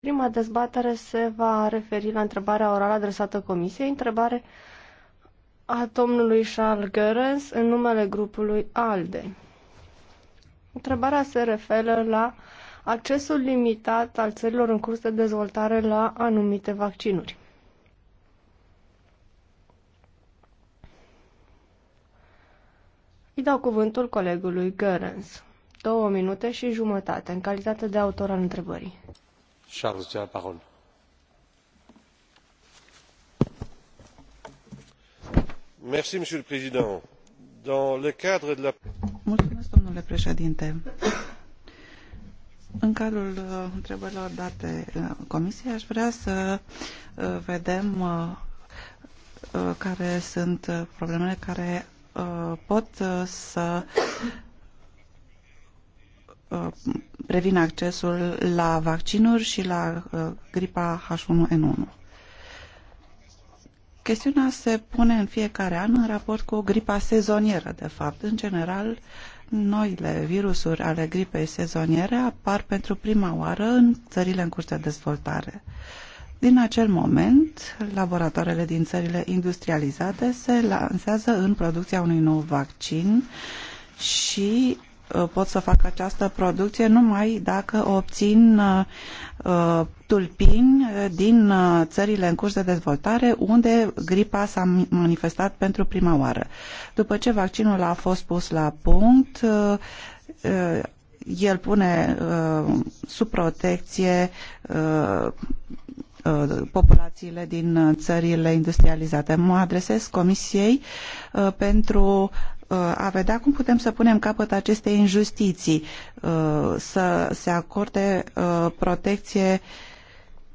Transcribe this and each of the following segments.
Prima dezbatere se va referi la întrebarea orală adresată Comisiei, întrebare a domnului Charles Görens în numele grupului ALDE. Întrebarea se referă la accesul limitat al țărilor în curs de dezvoltare la anumite vaccinuri. Îi dau cuvântul colegului Görens. Două minute și jumătate, în calitate de autor al întrebării. Charles, tu as la Monsieur le Président. Dans le cadre de la... Mulțumesc, domnule președinte. În cadrul uh, întrebărilor date uh, Comisiei, aș vrea să uh, vedem care sunt problemele care pot să previn uh, accesul la vaccinuri și la uh, gripa H1N1. Chestiunea se pune în fiecare an în raport cu gripa sezonieră, de fapt. În general, noile virusuri ale gripei sezoniere apar pentru prima oară în țările în curs de dezvoltare. Din acel moment, laboratoarele din țările industrializate se lansează în producția unui nou vaccin și Uh, pot să fac această producție numai dacă obțin uh, tulpini din uh, țările în curs de dezvoltare unde gripa s-a manifestat pentru prima oară. După ce vaccinul a fost pus la punct, el pune sub protecție populațiile din țările industrializate. Mă adresez Comisiei pentru a vedea cum putem să punem capăt acestei injustiții, uh, să se acorde uh, protecție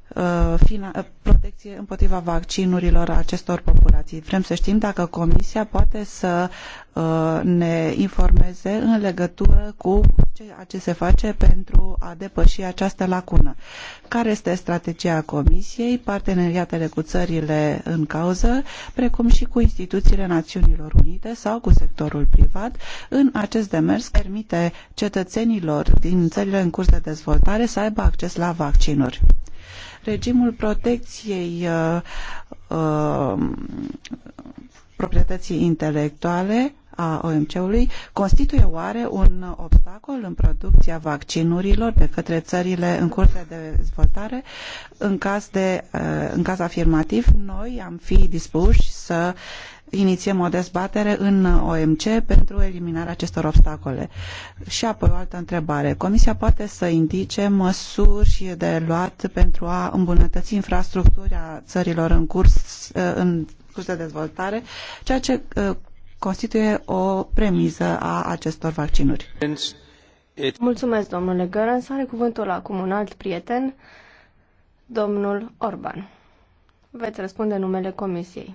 Uh, uh, protecție împotriva vaccinurilor a acestor populații. Vrem să știm dacă Comisia poate să uh, ne informeze în legătură cu ceea ce se face pentru a depăși această lacună. Care este strategia Comisiei, parteneriatele cu țările în cauză, precum și cu instituțiile Națiunilor Unite sau cu sectorul privat în acest demers permite cetățenilor din țările în curs de dezvoltare să aibă acces la vaccinuri. Regimul protecției uh, uh, proprietății intelectuale a OMC-ului constituie oare un obstacol în producția vaccinurilor de către țările în curs de dezvoltare? În caz, de, uh, în caz afirmativ, noi am fi dispuși să iniiem o dezbatere în OMC pentru eliminarea acestor obstacole. Și apoi o altă întrebare. Comisia poate să indice măsuri de luat pentru a îmbunătăți infrastructura țărilor în curs, în curs de dezvoltare, ceea ce uh, constituie o premiză a acestor vaccinuri. Mulțumesc, domnule Gărens. Are cuvântul acum un alt prieten, domnul Orban. Veți răspunde numele Comisiei.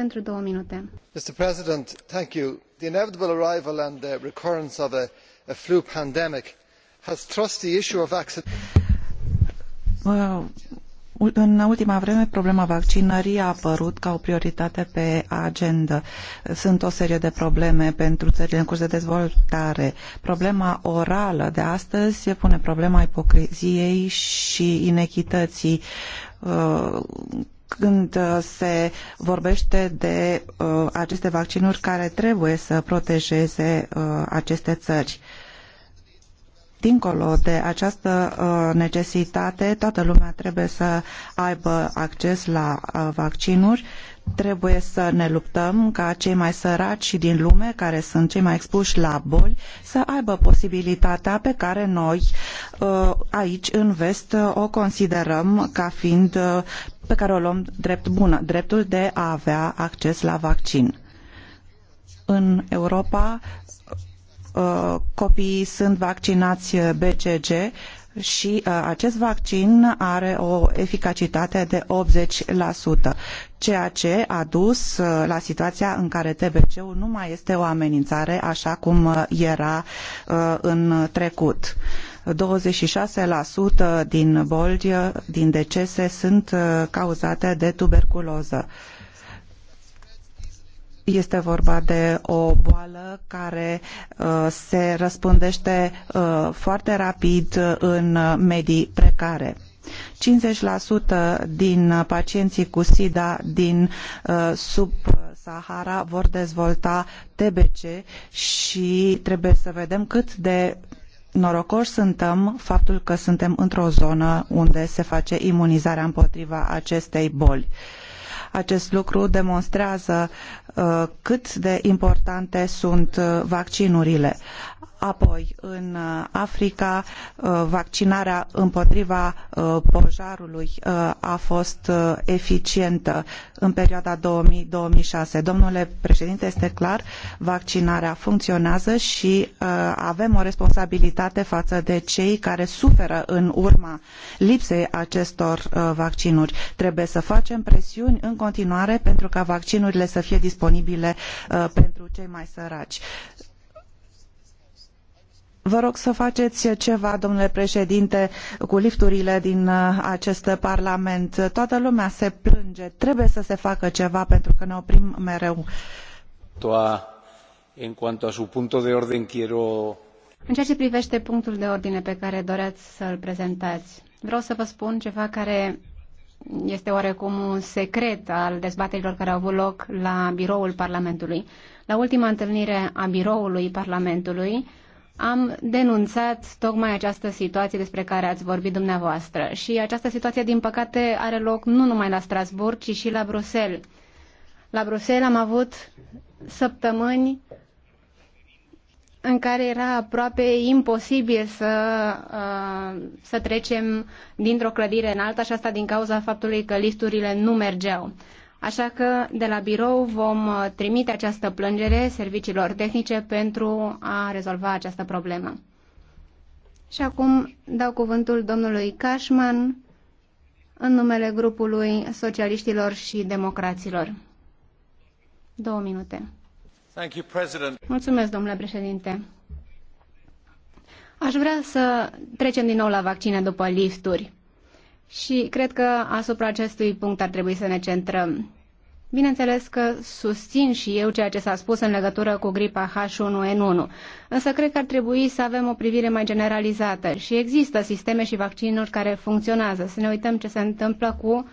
Mr. President, The inevitable arrival and recurrence of a, flu pandemic has thrust the issue of vaccine. în ultima vreme, problema vaccinării a apărut ca o prioritate pe agenda. Sunt o serie de probleme pentru țările în curs de dezvoltare. Problema orală de astăzi se pune problema ipocriziei și inechității uh, când uh, se vorbește de uh, aceste vaccinuri care trebuie să protejeze uh, aceste țări. Dincolo de această uh, necesitate, toată lumea trebuie să aibă acces la uh, vaccinuri, Trebuie să ne luptăm ca cei mai săraci din lume, care sunt cei mai expuși la boli, să aibă posibilitatea pe care noi uh, aici în vest o considerăm ca fiind uh, pe care o luăm drept bună, dreptul de a avea acces la vaccin. În Europa uh, copiii sunt vaccinați BCG, și uh, acest vaccin are o eficacitate de 80%, ceea ce a dus uh, la situația în care TBC-ul nu mai este o amenințare așa cum uh, era în trecut. 26% din boli, din decese sunt cauzate de tuberculoză. Este vorba de o boală care uh, se răspândește uh, foarte rapid în medii precare. 50% din pacienții cu SIDA din uh, sub Sahara vor dezvolta TBC și trebuie să vedem cât de norocoși suntem faptul că suntem într-o zonă unde se face imunizarea împotriva acestei boli. Uh, acest lucru demonstrează uh, cât de importante sunt uh, vaccinurile. Apoi, în uh, Africa, uh, vaccinarea împotriva uh, pojarului a fost eficientă în perioada 2000-2006. Domnule președinte, este clar, vaccinarea funcționează și avem o responsabilitate față de cei care suferă în urma lipsei acestor vaccinuri. Trebuie să facem presiuni în continuare pentru ca vaccinurile să fie disponibile pentru cei mai săraci Vă rog să faceți ceva, domnule președinte, cu lifturile din uh, acest parlament. Toată lumea se plânge. Trebuie să se facă ceva pentru că ne oprim mereu. În cuanto a su punto de orden, quiero... În ceea ce privește punctul de ordine pe care doreați să-l prezentați, vreau să vă spun ceva care este oarecum un secret al dezbaterilor care au avut loc la biroul Parlamentului. La ultima întâlnire a biroului Parlamentului, am denunțat tocmai această situație despre care ați vorbit dumneavoastră. Și această situație, din păcate, are loc nu numai la Strasburg, ci și la Bruxelles. La Bruxelles am avut săptămâni în care era aproape imposibil să, uh, să trecem dintr-o clădire în alta și asta din cauza faptului că lifturile nu mergeau. Așa că de la birou vom uh, trimite această plângere serviciilor tehnice pentru a rezolva această problemă. Și acum dau cuvântul domnului Cashman în numele grupului socialiștilor și democraților. Două minute. Mulțumesc, domnule președinte. Aș vrea să trecem din nou la vaccine după lifturi. Și cred că asupra acestui punct ar trebui să ne centrăm. Bineînțeles că susțin și eu ceea ce s-a spus în legătură cu gripa H1N1, însă cred că ar trebui să avem o privire mai generalizată și există sisteme și vaccinuri care funcționează. Să ne uităm ce se întâmplă cu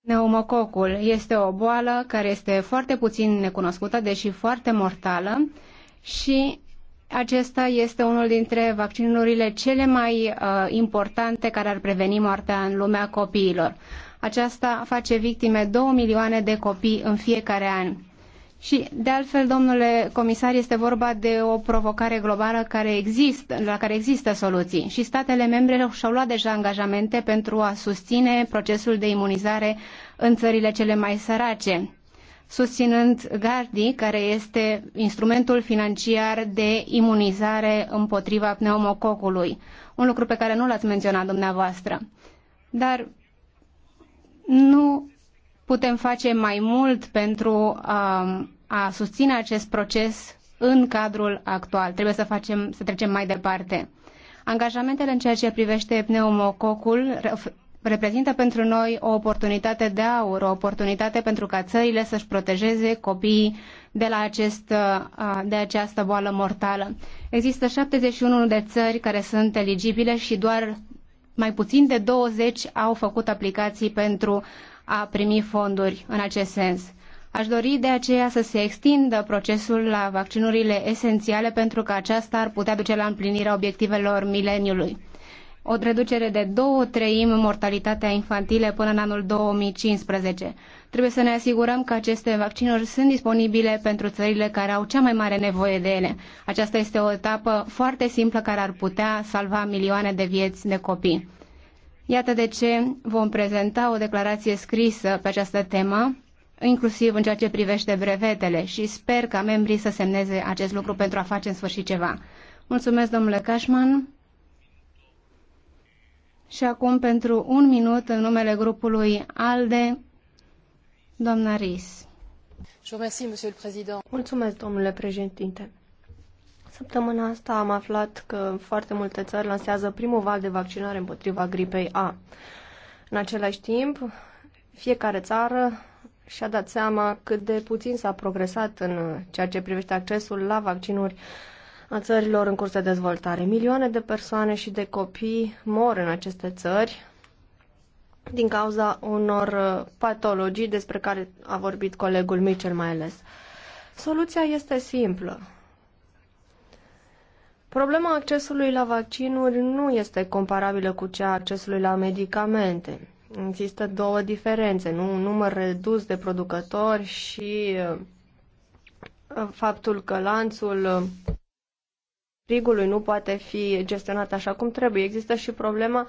neumococul. Este o boală care este foarte puțin necunoscută, deși foarte mortală și acesta este unul dintre vaccinurile cele mai uh, importante care ar preveni moartea în lumea copiilor. Aceasta face victime 2 milioane de copii în fiecare an. Și, de altfel, domnule comisar, este vorba de o provocare globală care există, la care există soluții. Și statele membre și-au luat deja angajamente pentru a susține procesul de imunizare în țările cele mai sărace susținând Gardi, care este instrumentul financiar de imunizare împotriva pneumococului, un lucru pe care nu l-ați menționat dumneavoastră. Dar nu putem face mai mult pentru a, um, a susține acest proces în cadrul actual. Trebuie să, facem, să trecem mai departe. Angajamentele în ceea ce privește pneumococul reprezintă pentru noi o oportunitate de aur, o oportunitate pentru ca țările să-și protejeze copiii de, la acest, uh, de această boală mortală. Există 71 de țări care sunt eligibile și doar mai puțin de 20 au făcut aplicații pentru a primi fonduri în acest sens. Aș dori de aceea să se extindă procesul la vaccinurile esențiale pentru că aceasta ar putea duce la împlinirea obiectivelor mileniului o reducere de două treimi în mortalitatea infantilă până în anul 2015. Trebuie să ne asigurăm că aceste vaccinuri sunt disponibile pentru țările care au cea mai mare nevoie de ele. Aceasta este o etapă foarte simplă care ar putea salva milioane de vieți de copii. Iată de ce vom prezenta o declarație scrisă pe această temă, inclusiv în ceea ce privește brevetele și sper ca membrii să semneze acest lucru pentru a face în sfârșit ceva. Mulțumesc, domnule Cashman. Și acum, pentru un minut, în numele grupului ALDE, doamna Ris. Mulțumesc, domnule președinte. Săptămâna asta am aflat că foarte multe țări lansează primul val de vaccinare împotriva gripei A. În același timp, fiecare țară și-a dat seama cât de puțin s-a progresat în ceea ce privește accesul la vaccinuri uh, a țărilor în curs de dezvoltare. Milioane de persoane și de copii mor în aceste țări din cauza unor uh, patologii despre care a vorbit colegul Mitchell mai ales. Soluția este simplă. Problema accesului la vaccinuri nu este comparabilă cu cea a accesului la medicamente. Există două diferențe, nu? un număr redus de producători și uh, faptul că lanțul uh, frigului nu poate fi gestionat așa cum trebuie. Există și problema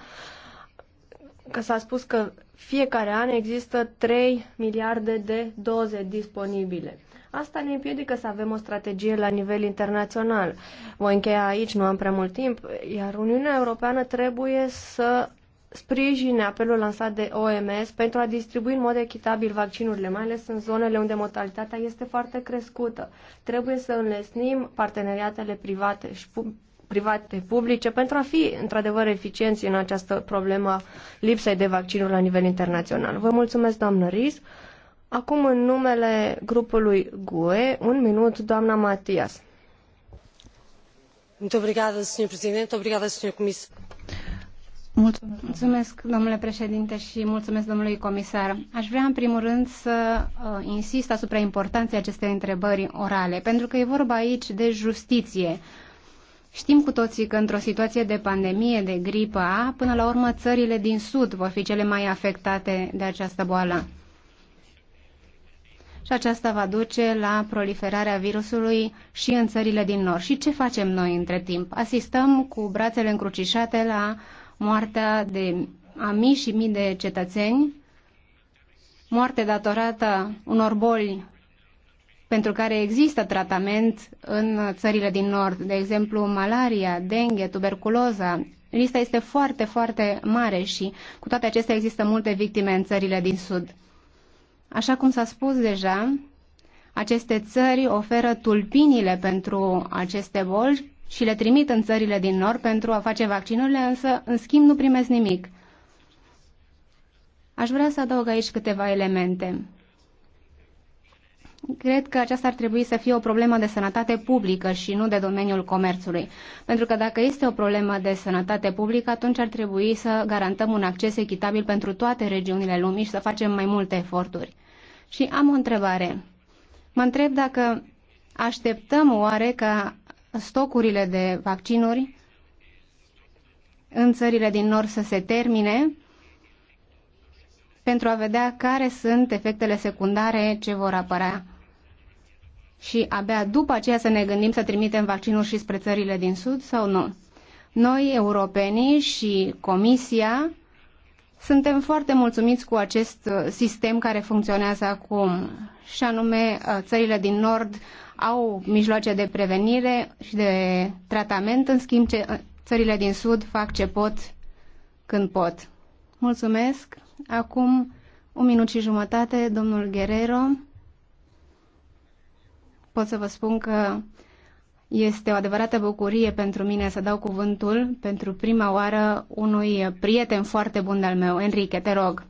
că s-a spus că fiecare an există 3 miliarde de doze disponibile. Asta ne împiedică să avem o strategie la nivel internațional. Voi încheia aici, nu am prea mult timp, iar Uniunea Europeană trebuie să sprijine apelul lansat de OMS pentru a distribui în mod echitabil vaccinurile, mai ales în zonele unde mortalitatea este foarte crescută. Trebuie să înlesnim parteneriatele private și private publice pentru a fi într-adevăr eficienți în această problemă lipsei de vaccinuri la nivel internațional. Vă mulțumesc, doamnă Riz. Acum, în numele grupului GUE, un minut, doamna Matias. Muito obrigada, Sr. Presidente. Obrigada, Sr. Comissário. Mulțumesc. domnule președinte, și mulțumesc domnului comisar. Aș vrea, în primul rând, să uh, insist asupra importanței acestei întrebări orale, pentru că e vorba aici de justiție. Știm cu toții că într-o situație de pandemie, de gripă A, până la urmă țările din sud vor fi cele mai afectate de această boală. Și aceasta va duce la proliferarea virusului și în țările din nord. Și ce facem noi între timp? Asistăm cu brațele încrucișate la moartea de a mii și mii de cetățeni, moarte datorată unor boli pentru care există tratament în țările din nord, de exemplu malaria, dengue, tuberculoza. Lista este foarte, foarte mare și cu toate acestea există multe victime în țările din sud. Așa cum s-a spus deja, aceste țări oferă tulpinile pentru aceste boli și le trimit în țările din nord pentru a face vaccinurile, însă, în schimb, nu primesc nimic. Aș vrea să adaug aici câteva elemente. Cred că aceasta ar trebui să fie o problemă de sănătate publică și nu de domeniul comerțului. Pentru că dacă este o problemă de sănătate publică, atunci ar trebui să garantăm un acces echitabil pentru toate regiunile lumii și să facem mai multe eforturi. Și am o întrebare. Mă întreb dacă așteptăm oare ca stocurile de vaccinuri în țările din nord să se termine pentru a vedea care sunt efectele secundare ce vor apărea. Și abia după aceea să ne gândim să trimitem vaccinul și spre țările din sud sau nu. Noi, europenii și Comisia, suntem foarte mulțumiți cu acest uh, sistem care funcționează acum, și anume uh, țările din Nord au mijloace de prevenire și de tratament, în schimb ce, uh, țările din Sud fac ce pot când pot. Mulțumesc. Acum un minut și jumătate, domnul Guerrero. Pot să vă spun că este o adevărată bucurie pentru mine să dau cuvântul pentru prima oară unui prieten foarte bun al meu, Enrique, te rog.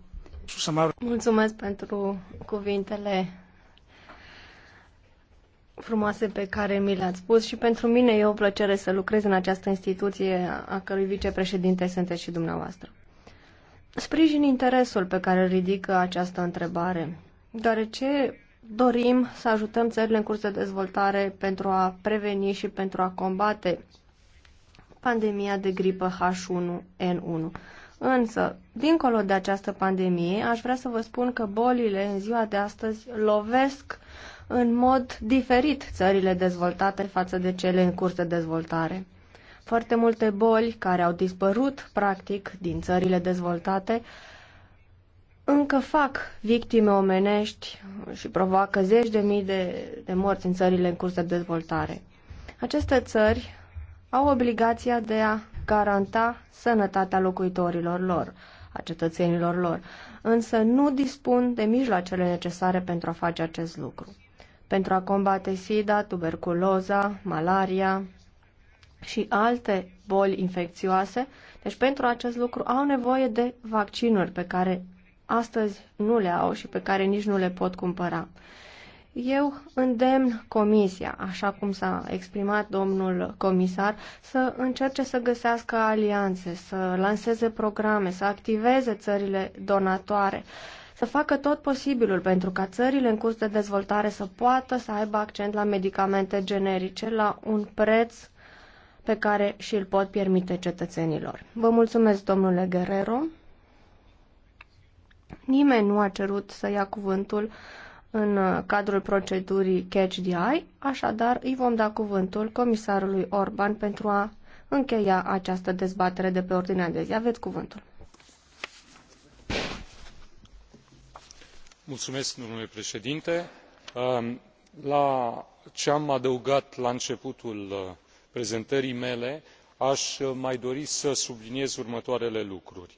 Mulțumesc pentru cuvintele frumoase pe care mi le-ați spus și pentru mine e o plăcere să lucrez în această instituție a cărui vicepreședinte sunteți și dumneavoastră. Sprijin interesul pe care ridică această întrebare, deoarece dorim să ajutăm țările în curs de dezvoltare pentru a preveni și pentru a combate pandemia de gripă H1N1. Însă, dincolo de această pandemie, aș vrea să vă spun că bolile în ziua de astăzi lovesc în mod diferit țările dezvoltate față de cele în curs de dezvoltare. Foarte multe boli care au dispărut, practic, din țările dezvoltate încă fac victime omenești și provoacă zeci de mii de, de morți în țările în curs de dezvoltare. Aceste țări au obligația de a garanta sănătatea locuitorilor lor, a cetățenilor lor, însă nu dispun de mijloacele necesare pentru a face acest lucru. Pentru a combate sida, tuberculoza, malaria și alte boli infecțioase, deci pentru acest lucru au nevoie de vaccinuri pe care astăzi nu le au și pe care nici nu le pot cumpăra. Eu îndemn comisia, așa cum s-a exprimat domnul comisar, să încerce să găsească alianțe, să lanseze programe, să activeze țările donatoare, să facă tot posibilul pentru ca țările în curs de dezvoltare să poată să aibă accent la medicamente generice la un preț pe care și îl pot permite cetățenilor. Vă mulțumesc, domnule Guerrero. Nimeni nu a cerut să ia cuvântul în uh, cadrul procedurii Catch the Eye, așadar îi vom da cuvântul comisarului Orban pentru a încheia această dezbatere de pe ordinea de zi. Aveți cuvântul. Mulțumesc, domnule președinte. Um, la ce am adăugat la începutul uh, prezentării mele, aș uh, mai dori să subliniez următoarele lucruri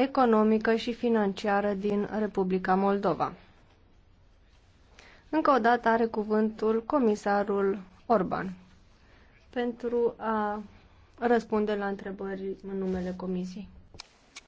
economică și financiară din Republica Moldova. Încă o dată are cuvântul comisarul Orban pentru a răspunde la întrebări în numele Comisiei.